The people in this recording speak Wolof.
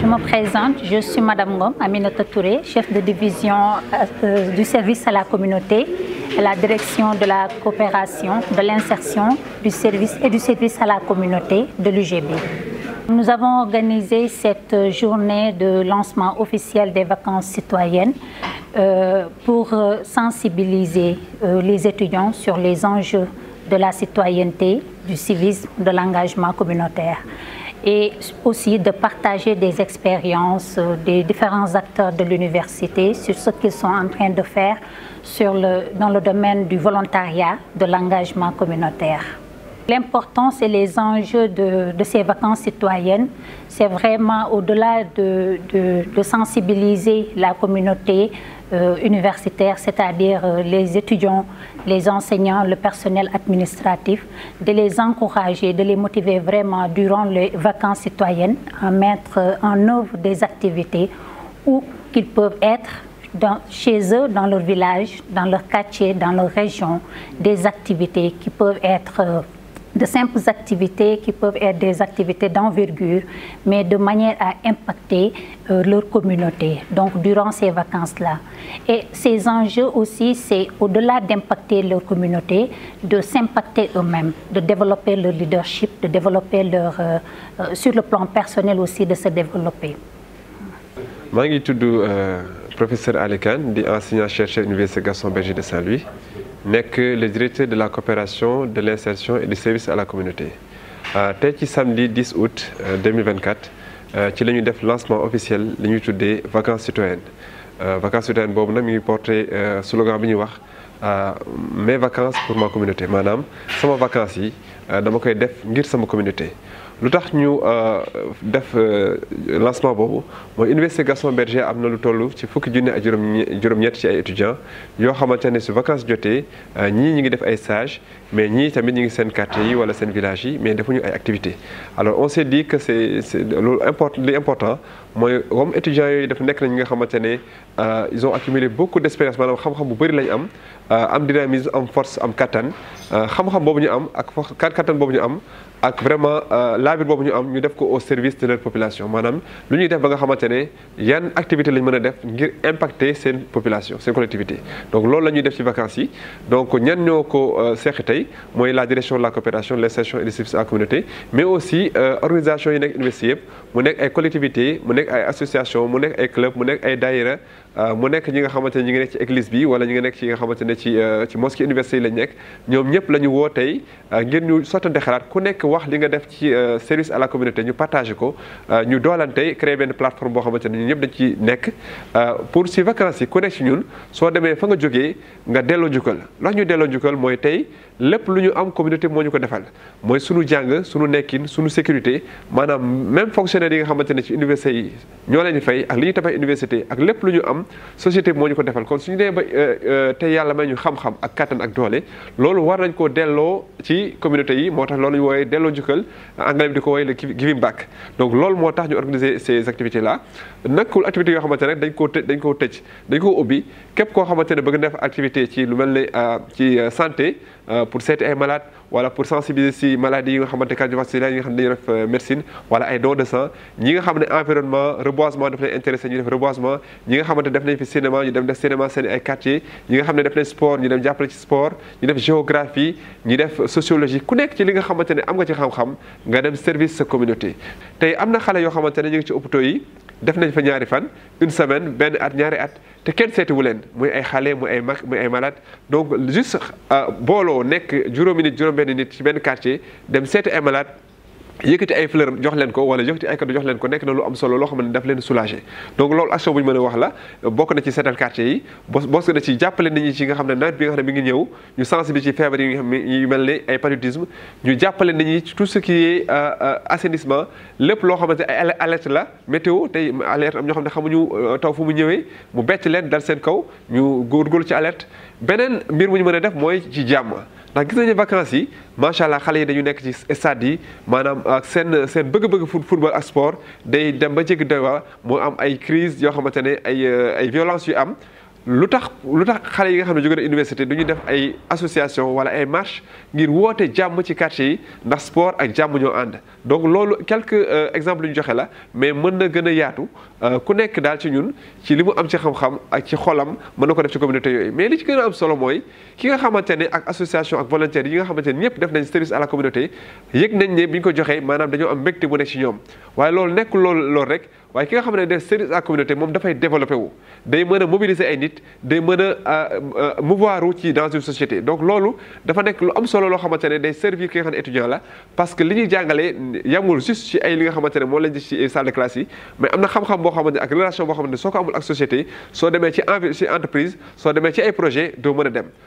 Je me présente, je suis Madame Gom Aminata Touré, chef de division euh, du service à la communauté, la direction de la coopération, de l'insertion du service et du service à la communauté de l'UGB. Nous avons organisé cette journée de lancement officiel des vacances citoyennes euh, pour sensibiliser euh, les étudiants sur les enjeux de la citoyenneté, du civisme, de l'engagement communautaire et aussi de partager des expériences euh, des différents acteurs de l'université sur ce qu'ils sont en train de faire dans le domaine du volontariat, de l'engagement communautaire. L'importance et les enjeux de, ces vacances citoyennes, c'est vraiment au-delà de sensibiliser la communauté, euh, universitaires, c'est-à-dire euh, les étudiants, les enseignants, le personnel administratif, de les encourager, de les motiver vraiment durant les vacances citoyennes à mettre euh, en œuvre des activités où qu'ils peuvent être chez eux, dans leur village, dans leur quartier, dans leur région, des activités qui peuvent être de simples activités qui peuvent être des activités d'envergure, mais de manière à impacter euh, leur communauté, donc durant ces vacances-là. Et ces enjeux aussi, c'est au-delà d'impacter leur communauté, de s'impacter eux-mêmes, de développer leur leadership, de développer leur, euh, euh, sur le plan personnel aussi, de se développer. Je suis professeur Alekan, enseignant-chercheur à l'Université berger de Saint-Louis n'est que le directeur de la coopération de l'insertion et du service à la communauté euh, tey samedi 10 août 2024 nous avons fait le lancement officiel de la vacances citoyennes euh, vacances citoyennes boobu nag porté euh, slogan bi mes vacances pour ma communauté Madame, sont mes vacances euh, dama koy def ngir sama communauté lu tax ñu euh, def euh, lancement boobu mooy université Gaston Berger am na lu toll ci fukki junne ak juróom juróom-ñett ci ay étudiants yoo xamante ne su vacances jotee ñii ñi ngi def ay stage mais ñii tamit ñi ngi seen quartier yi wala seen village yi mais defuñu ay activités alors on s'est dit que c'est c'est loolu import li important mooy comme étudiants yooyu dafa nekk na ñi nga xamante ne ils ont accumulé beaucoup d'expérience maanaam xam-xam bu bëri lañ am am dynamisme am force am kattan xam-xam boobu ñu am ak kattan boobu ñu am ak vraiment euh, laabir bobu ñu am ñu def ko au service de leur population manam lu ñuy def ba nga xamantene ne yan activité lañ mën a def ngir impacter sen population sen collectivité donc loolu la ñuy def ci vacances yi donc ñan ñoko ko euh, seq tey la direction de la coopération les stations et les services à la communauté mais aussi euh, organisation yi nek université yëpp mu nek ay collectivité mu nek ay association mu nek ay club mu nek ay daïra mu nek ñi nga xamantene ñi ngi nekk ci église bi wala ñi nga nekk ci nga xamantene ci ci mosquée université yi lañ nekk ñoom ñëpp la ñu woo ngir ñu sottante xalaat ku nek wax li nga def ci euh, service à la communauté ñu partagé ko euh, ñu doolante créé benn plateforme boo xamante ne ñun ñëpp dañ ci nekk euh, pour si vacances yi ku nekk si ñun soo demee fa nga jógee nga delloo njukkal lox ñu delloo njukkal mooy tey lépp lu ñu am communauté moo ñu ko defal mooy sunu jàng sunu nekkin suñu sécurité maanaam même fonctionnaire yi nga xamante ne ci université yi ñoo leen ñu fay ak li ñu tabax université ak lépp lu ñu am société moo ñu ko defal kon suñu dee ba tey yàlla may ñu xam-xam ak kattan ak doole loolu war nañ koo delloo ci communauté yi moo tax delloo njukkal anglais diko di le giving back donc lol motax ñu organiser ces activités là nakul activité yo xamante ne dañ ko dañ ko tëj dañ ko ubbi kep ko xamante bëgg def activité ci lu melni euh, ci euh, santé Euh, pour seeti ay malades wala pour sensibiliser si maladies yi nga xamante cardiovasculaire yi nga xam ne dañuy euh, médecine wala ay dons de nga xam ne environnement reboisement daf leen intéressé ñu def nga xamante def nañ fi cinéma ñu dem def cinéma seen nga xam ne def nañ sport ñu dem jàppale ci sport ñu def géographie ñu def sociologie ku nekk ci li nga xamante ne am nga ci xam-xam nga dem service sa communauté tey am na xale yoo xamante ne ñu ngi ci hôpitaux yi def nañ fa ñaari fan une semaine benn at ñaari at te kenn seetiwu leen muy ay xale muy ay mag muy ay malade donc juste euh, booloo nekk juróomi nit juróom-benn nit ci benn quartier dem seeti ay malade yëkkati ay fleur jox leen ko wala yëkkati ay cadeau jox leen ko nekk na lu am solo loo xam ne daf leen soulager donc loolu action bu a wax la bokk na ci seetal quartier yi bos bokk na ci jàppale nit ñi ci nga xam ñëw mel ne ay ñu jàppale nit ñi ci tout ce qui est euh, euh, assainissement lépp loo xamante ay alerte la météo tey alerte am xam ne xamuñu euh, taw fu mu ñëwee mu bett leen dal seen kaw ñu góorgóorlu ci alerte beneen mbir mu ñu mën a def mooy ci jàmm ndax gis nañu vacances yi macha allah xale yi dañu nekk ci stade yi maanaam seen seen bëgg-bëgg football ak sport day dem ba jéggi doy waar am ay crise yoo xamante ne ay euh, ay violence yu am lu tax lu tax xale yi nga xam ne jóge na université du ñu def ay association wala ay marche ngir woote jàmm ci quartier yi ndax sport ak jàmm ñoo ànd donc loolu quelque euh, exemples yu ñu joxe la mais mën na gën a yaatu euh, ku nekk daal ci ñun ci li mu am ci xam-xam ak ci xolam mën na ko def ci communauté yooyu mais li ci gën a am solo mooy ki nga xamante ne ak association ak volontaires yi nga xamante ni ñëpp def nañ service à la communauté yëg nañ ne bi ñu ko joxee maanaam dañoo am mbégte bu nekk ci ñoom waaye loolu nekk loolu loolu rek waaye ki nga xam ne de service à communauté moom dafay développé wu day mën a ay nit day mën a euh, euh, mouvoir wu ci dans une société donc loolu dafa nekk lu am solo loo xamante ne day service ki nga xam ne étudiant la parce que li ñuy jàngalee yamul juste ci ay li nga xamante ne moo lañ di ci salle de classe yi mais am na xam-xam boo xamante ne ak relation boo xamante ne soo ko amul ak société soo demee ci ci entreprise soo demee ci ay projet doo mën a dem